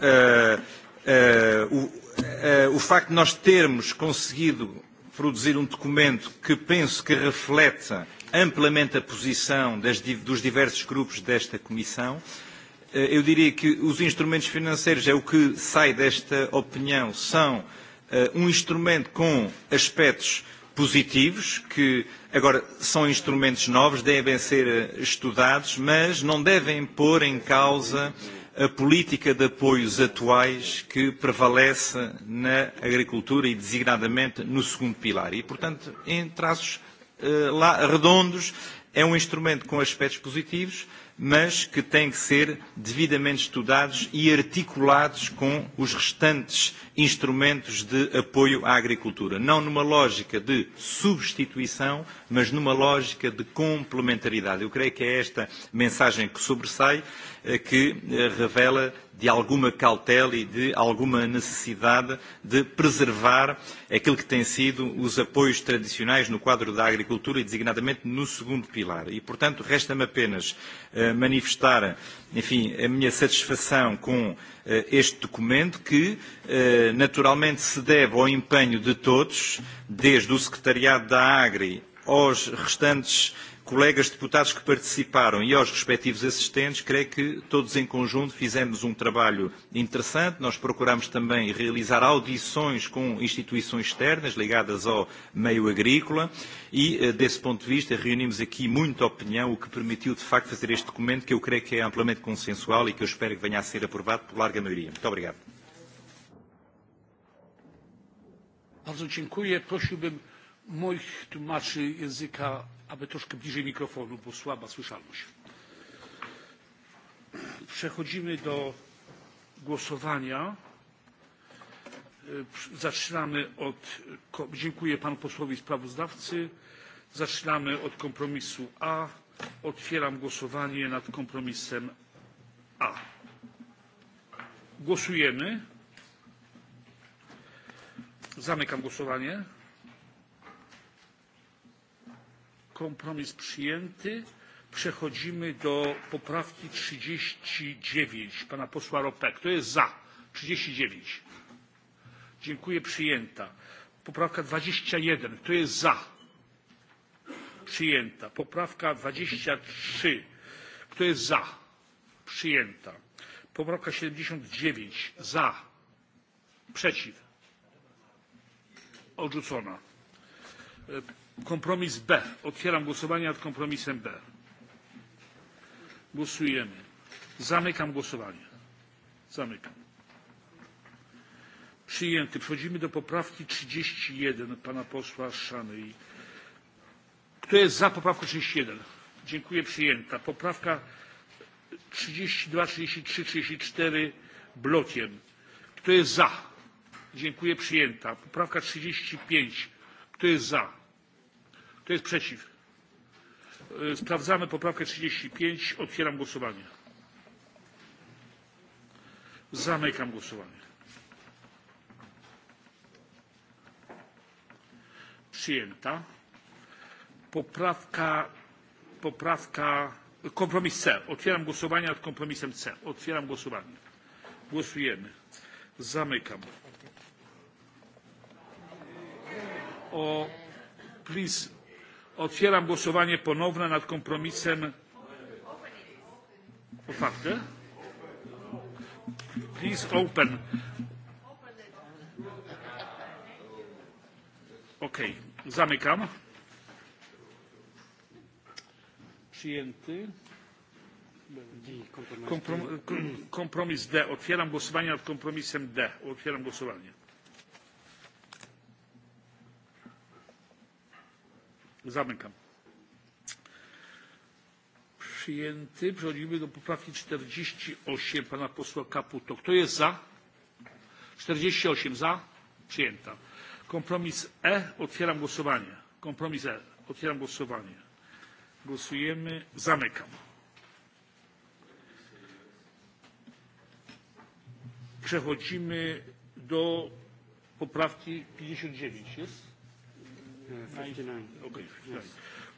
S5: uh, o, uh, o facto de nós termos conseguido produzir um documento que penso que reflete amplamente a posição das, dos diversos grupos desta Comissão. Eh, eu diria que os instrumentos financeiros, é o que sai desta opinião, são eh, um instrumento com aspectos positivos, que agora são instrumentos novos, devem ser eh, estudados, mas não devem pôr em causa a política de apoios atuais que prevalece na agricultura e designadamente no segundo pilar. E, portanto, em traços Eh, lá, redondos. É um instrumento com aspectos positivos, mas que tem que ser devidamente estudados e articulados com os restantes instrumentos de apoio à agricultura. Não numa lógica de substituição, mas numa lógica de complementaridade. Eu creio que é esta mensagem que sobressai, eh, que eh, revela de alguma cautela e de alguma necessidade de preservar aquilo que tem sido os apoios tradicionais no quadro da agricultura e designadamente no segundo pilar. E, portanto, resta-me apenas uh, manifestar, enfim, a minha satisfação com uh, este documento que, uh, naturalmente, se deve ao empenho de todos, desde o Secretariado da Agri aos restantes colegas deputados que participaram e aos respectivos assistentes, creio que todos em conjunto fizemos um trabalho interessante. Nós procuramos também realizar audições com instituições externas ligadas ao meio agrícola e, eh, desse ponto de vista, reunimos aqui muita opinião, o que permitiu, de facto, fazer este documento que eu creio que é amplamente consensual e que eu espero que venha a ser aprovado por larga maioria. Muito obrigado.
S1: Bardzo dziękuję. Prosiłbym moich tłumaczy języka aby troszkę bliżej mikrofonu, bo słaba słyszalność. Przechodzimy do głosowania. E, zaczynamy od, dziękuję panu posłowi sprawozdawcy. Zaczynamy od kompromisu A. Otwieram głosowanie nad kompromisem A. Głosujemy. Zamykam głosowanie. kompromis przyjęty. Przechodzimy do poprawki 39 pana posła Rope. Kto jest za? 39. Dziękuję, przyjęta. Poprawka 21. Kto jest za? Przyjęta. Poprawka 23. Kto jest za? Przyjęta. Poprawka 79. Za. Przeciw. Odrzucona Kompromis B. Otwieram głosowanie nad kompromisem B. Głosujemy. Zamykam głosowanie. Zamykam. Przyjęty. Przechodzimy do poprawki 31 pana posła Szanej. Kto jest za poprawką 31? Dziękuję. Przyjęta. Poprawka 32, 33, 34 blokiem. Kto jest za? Dziękuję. Przyjęta. Poprawka 35. Kto jest za? kto jest przeciw? E, sprawdzamy poprawkę 35. otwieram głosowanie zamykam głosowanie przyjęta poprawka poprawka kompromis c otwieram głosowanie nad kompromisem c otwieram głosowanie głosujemy zamykam o please Otwieram głosowanie ponowne nad kompromisem otwarte. Please open. OK. Zamykam. Przyjęty. kompromis D. Otwieram głosowanie nad kompromisem D. Otwieram głosowanie. Zamykam. Przyjęty. Przechodzimy do poprawki 48 pana posła Kaputo. Kto jest za? 48 za. Przyjęta. Kompromis E. Otwieram głosowanie. Kompromis E. Otwieram głosowanie. Głosujemy. Zamykam. Przechodzimy do poprawki 59. Jest?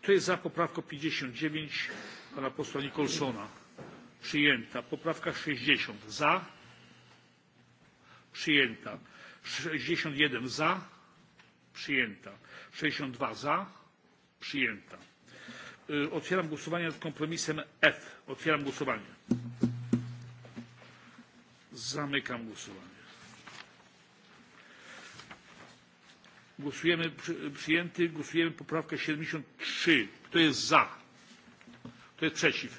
S1: To jest za poprawką 59 pana posła Nicholsona? Przyjęta. Poprawka 60 za. Przyjęta. 61 za. Przyjęta. 62 za. Przyjęta. Otwieram głosowanie nad kompromisem F. Otwieram głosowanie. Zamykam głosowanie. Głosujemy przyjęty. Głosujemy poprawkę 73. Kto jest za? Kto jest przeciw?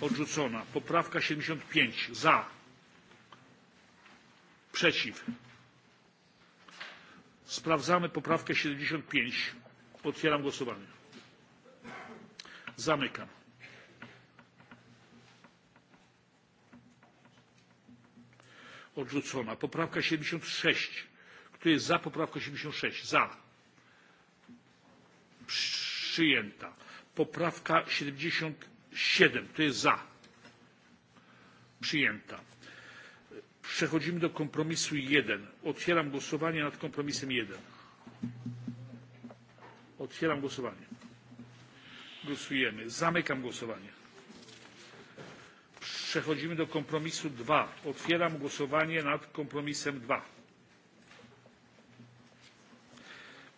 S1: Odrzucona. Poprawka 75. Za. Przeciw. Sprawdzamy poprawkę 75. Otwieram głosowanie. Zamykam. Odrzucona. Poprawka 76 Kto jest za poprawką 76? Za. Przyjęta. Poprawka 77. Kto jest za? Przyjęta. Przechodzimy do kompromisu 1. Otwieram głosowanie nad kompromisem 1. Otwieram głosowanie. Głosujemy. Zamykam głosowanie. Przechodzimy do kompromisu 2. Otwieram głosowanie nad kompromisem 2.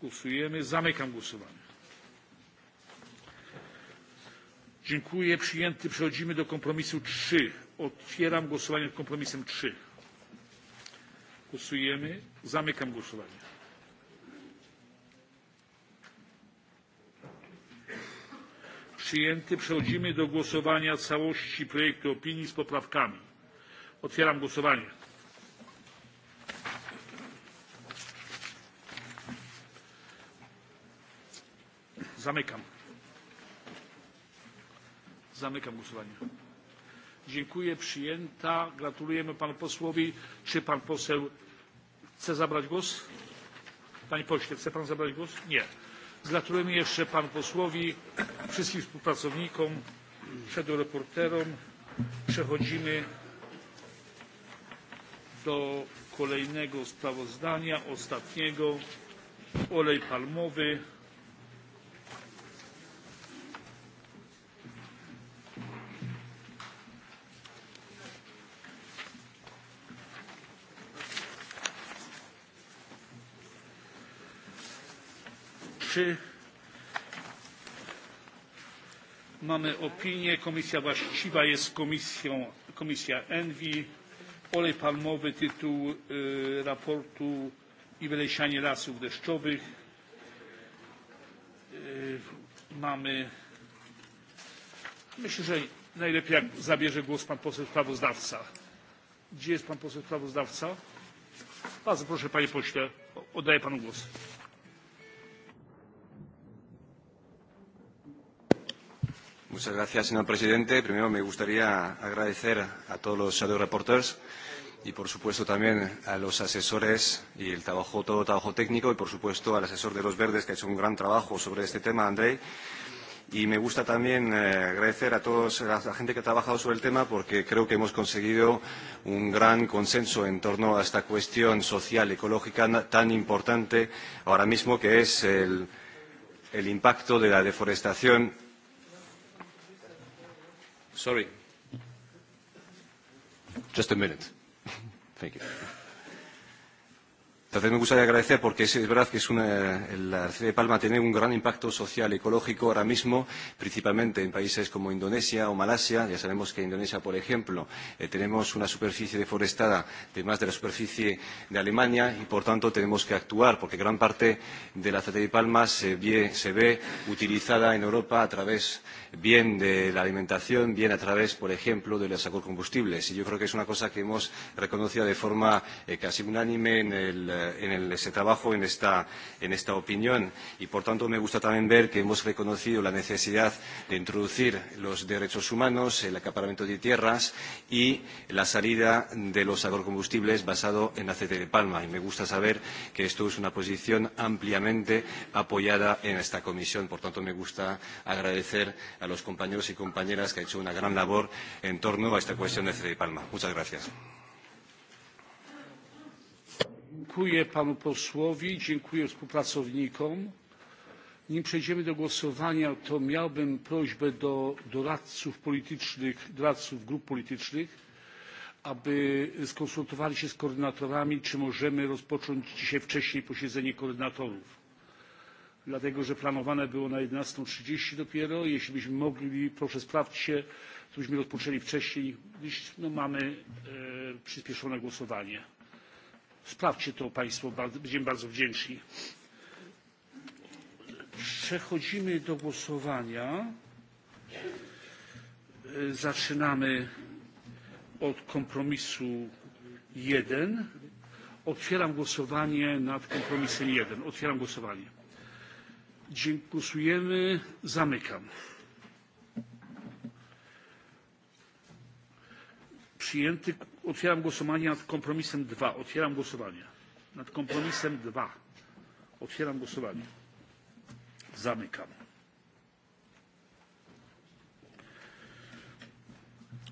S1: Głosujemy. Zamykam głosowanie. Dziękuję. Przyjęty. Przechodzimy do kompromisu 3. Otwieram głosowanie nad kompromisem 3. Głosujemy. Zamykam głosowanie. Przyjęty. Przechodzimy do głosowania całości projektu opinii z poprawkami. Otwieram głosowanie. Zamykam. Zamykam głosowanie. Dziękuję. Przyjęta. Gratulujemy panu posłowi. Czy pan poseł chce zabrać głos? Panie pośle, chce pan zabrać głos? Nie. Gratulujemy jeszcze panu posłowi, wszystkim współpracownikom, reporterom. Przechodzimy do kolejnego sprawozdania, ostatniego. Olej palmowy. Gospodarczy. Mamy opinię. Komisja właściwa jest komisją, komisja ENVI. Olej palmowy, tytuł y, raportu i wylesianie lasów deszczowych. Y, mamy. Myślę, że najlepiej jak zabierze głos pan poseł sprawozdawca. Gdzie jest pan poseł sprawozdawca? Bardzo proszę panie pośle, oddaję panu głos.
S4: Muchas gracias, señor presidente. Primero me gustaría agradecer a todos los shadow reporters y, por supuesto, también a los asesores y el trabajo, todo el trabajo técnico y, por supuesto, al asesor de los verdes que ha hecho un gran trabajo sobre este tema, André. Y me gusta también eh, agradecer a todos a la gente que ha trabajado sobre el tema porque creo que hemos conseguido un gran consenso en torno a esta cuestión social ecológica tan importante ahora mismo que es el, el impacto de la deforestación Sorry. Just a minute. Thank you. También me gustaría agradecer porque es, es verdad que es una, el aceite de Palma tiene un gran impacto social y ecológico ahora mismo, principalmente en países como Indonesia o Malasia. Ya sabemos que en Indonesia, por ejemplo, eh, tenemos una superficie deforestada de más de la superficie de Alemania y, por tanto, tenemos que actuar porque gran parte del aceite de Palma se ve, se ve utilizada en Europa a través bien de la alimentación, bien a través, por ejemplo, de los agrocombustibles. Y yo creo que es una cosa que hemos reconocido de forma eh, casi unánime en, el, eh, en el, ese trabajo, en esta, en esta opinión. Y, por tanto, me gusta también ver que hemos reconocido la necesidad de introducir los derechos humanos, el acaparamiento de tierras y la salida de los agrocombustibles basado en aceite de palma. Y me gusta saber que esto es una posición ampliamente apoyada en esta comisión. Por tanto, me gusta agradecer a los compañeros y compañeras que han hecho una gran labor en torno a esta cuestión de Cede y Palma. Muchas gracias.
S1: Dziękuję panu posłowi, dziękuję współpracownikom. Nim przejdziemy do głosowania, to miałbym prośbę do doradców politycznych, doradców grup politycznych, aby skonsultowali się z koordynatorami, czy możemy rozpocząć dzisiaj wcześniej posiedzenie koordynatorów dlatego że planowane było na jedenaście trzydzieści dopiero jeśli byśmy mogli proszę sprawdźcie to byśmy rozpoczęli wcześniej gdyż no, mamy e, przyspieszone głosowanie. sprawdźcie to państwo będziemy bardzo wdzięczni. przechodzimy do głosowania. E, zaczynamy od kompromisu jeden. otwieram głosowanie nad kompromisem jeden. otwieram głosowanie. Głosujemy. Zamykam. Przyjęty. Otwieram głosowanie nad kompromisem 2. Otwieram głosowanie. Nad kompromisem 2. Otwieram głosowanie. Zamykam.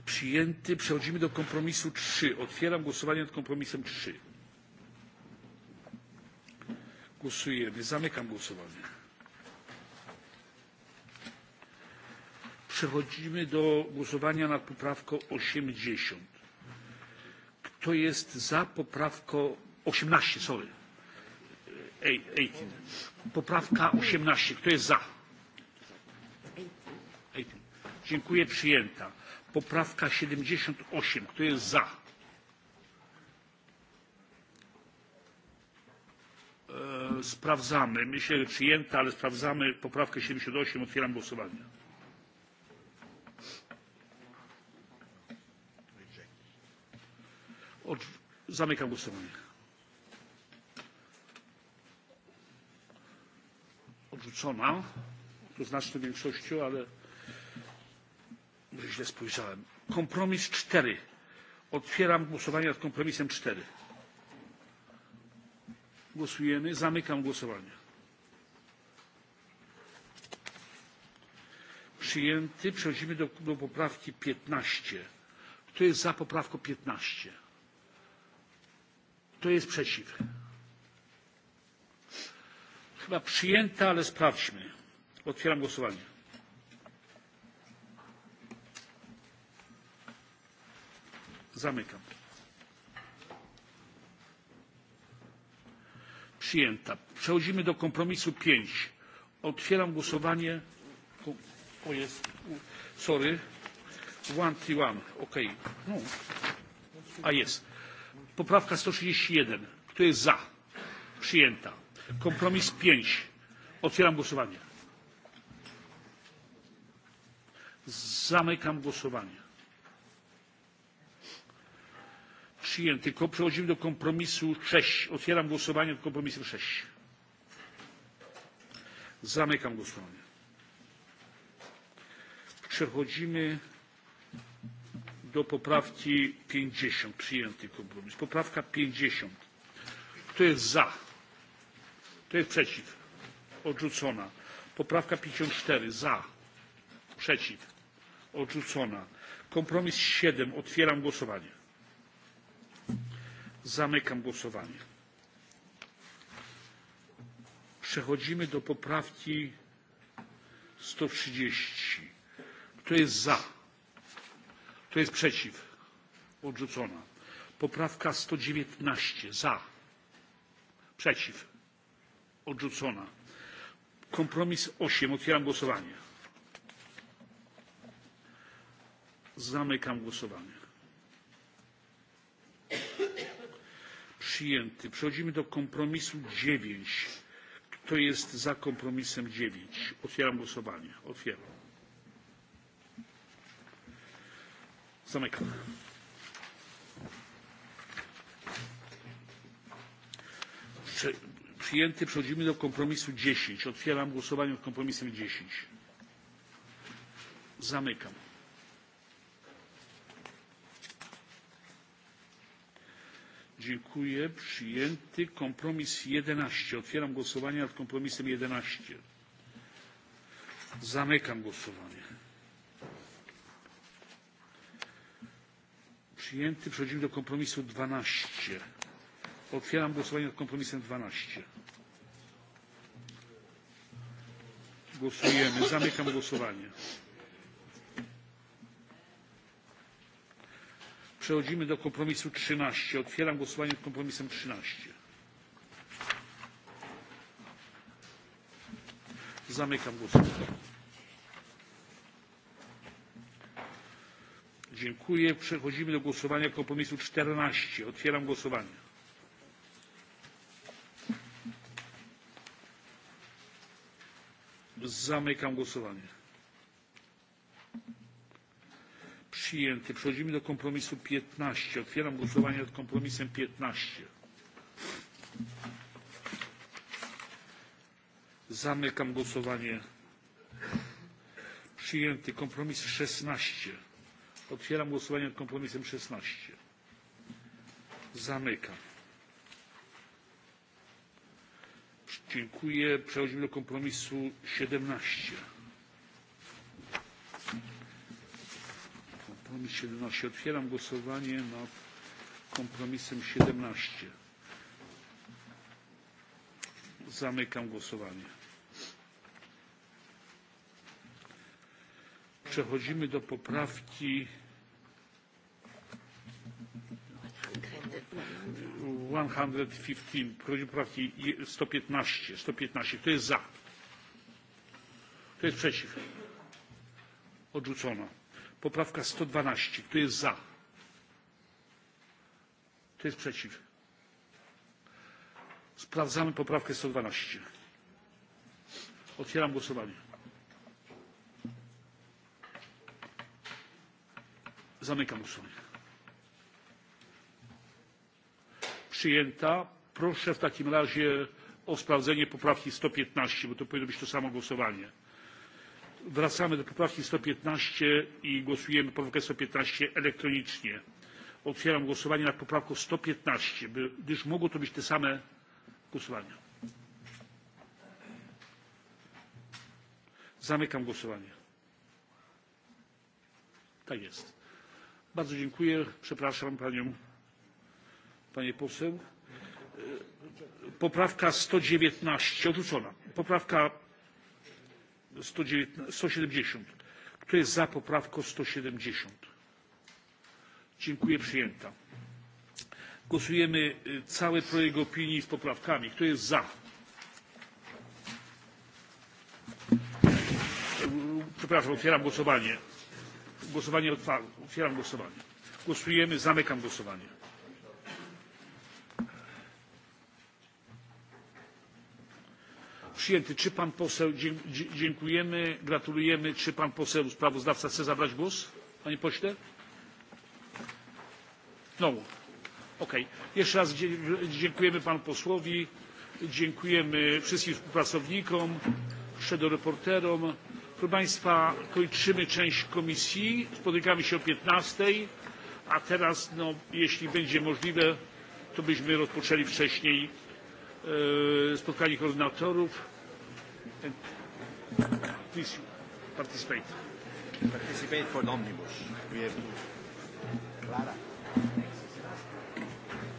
S1: Przyjęty. Przechodzimy do kompromisu 3. Otwieram głosowanie nad kompromisem 3. Głosujemy. Zamykam głosowanie. Przechodzimy do głosowania nad poprawką 80. Kto jest za poprawką 18, sorry. 18. Poprawka 18. Kto jest za? 18. Dziękuję, przyjęta. Poprawka 78. Kto jest za? E, sprawdzamy. Myślę, że przyjęta, ale sprawdzamy poprawkę 78. Otwieram głosowanie. Zamykam głosowanie. Odrzucona to znaczną większością, ale może źle spojrzałem. Kompromis 4. Otwieram głosowanie nad kompromisem 4. Głosujemy. Zamykam głosowanie. Przyjęty. Przechodzimy do, do poprawki 15. Kto jest za poprawką 15? Kto jest przeciw? Chyba przyjęta, ale sprawdźmy. Otwieram głosowanie. Zamykam. Przyjęta. Przechodzimy do kompromisu 5. Otwieram głosowanie. O jest, sorry. One, three, one. OK. No. A jest poprawka sto trzydzieści jeden kto jest za? przyjęta. kompromis pięć otwieram głosowanie. zamykam głosowanie. przyjęty. przechodzimy do kompromisu sześć otwieram głosowanie nad kompromisem sześć. zamykam głosowanie. przechodzimy do poprawki 50. Przyjęty kompromis. Poprawka 50. Kto jest za? Kto jest przeciw? Odrzucona. Poprawka 54. Za. Przeciw. Odrzucona. Kompromis 7. Otwieram głosowanie. Zamykam głosowanie. Przechodzimy do poprawki 130. Kto jest za? kto jest przeciw? odrzucona. poprawka sto dziewiętnaście za przeciw odrzucona. kompromis osiem otwieram głosowanie. zamykam głosowanie. przyjęty. przechodzimy do kompromisu dziewięć. kto jest za kompromisem dziewięć? otwieram głosowanie. otwieram. Zamykam. Przyjęty. Przechodzimy do kompromisu 10. Otwieram głosowanie nad kompromisem 10. Zamykam. Dziękuję. Przyjęty. Kompromis 11. Otwieram głosowanie nad kompromisem 11. Zamykam głosowanie. przyjęty. Przechodzimy do kompromisu 12. Otwieram głosowanie nad kompromisem 12. Głosujemy. Zamykam głosowanie. Przechodzimy do kompromisu 13. Otwieram głosowanie nad kompromisem 13. Zamykam głosowanie. Dziękuję. Przechodzimy do głosowania kompromisu czternaście. Otwieram głosowanie. Zamykam głosowanie. Przyjęty. Przechodzimy do kompromisu piętnaście. Otwieram głosowanie nad kompromisem piętnaście. Zamykam głosowanie. Przyjęty. Kompromis szesnaście. Otwieram głosowanie nad kompromisem 16. Zamykam. Dziękuję. Przechodzimy do kompromisu 17. Kompromis 17. Otwieram głosowanie nad kompromisem 17. Zamykam głosowanie. Przechodzimy do poprawki one hundred fifteen. Przechodzimy do poprawki 115. 115. Kto jest za? Kto jest przeciw? Odrzucona. Poprawka 112. Kto jest za? Kto jest przeciw? Sprawdzamy poprawkę 112. Otwieram głosowanie. Zamykam głosowanie. Przyjęta. Proszę w takim razie o sprawdzenie poprawki 115, bo to powinno być to samo głosowanie. Wracamy do poprawki 115 i głosujemy poprawkę 115 elektronicznie. Otwieram głosowanie nad poprawką 115, gdyż mogą to być te same głosowania. Zamykam głosowanie. Tak jest. Bardzo dziękuję. Przepraszam panią, panie poseł. Poprawka 119 odrzucona. Poprawka 119, 170. Kto jest za poprawką 170? Dziękuję, przyjęta. Głosujemy cały projekt opinii z poprawkami. Kto jest za? Przepraszam, otwieram głosowanie. Głosowanie otwarte. Otwieram głosowanie. Głosujemy. Zamykam głosowanie. Przyjęty. Czy pan poseł, dziękujemy, gratulujemy. Czy pan poseł sprawozdawca chce zabrać głos? Panie pośle? No. Okej. Okay. Jeszcze raz dziękujemy panu posłowi, dziękujemy wszystkim współpracownikom, szedoreporterom. reporterom. Proszę Państwa, kończymy część komisji. Spotykamy się o 15, a teraz, no, jeśli będzie możliwe, to byśmy rozpoczęli wcześniej e, spotkanie koordynatorów. Please participate. Participate for omnibus. We have Clara.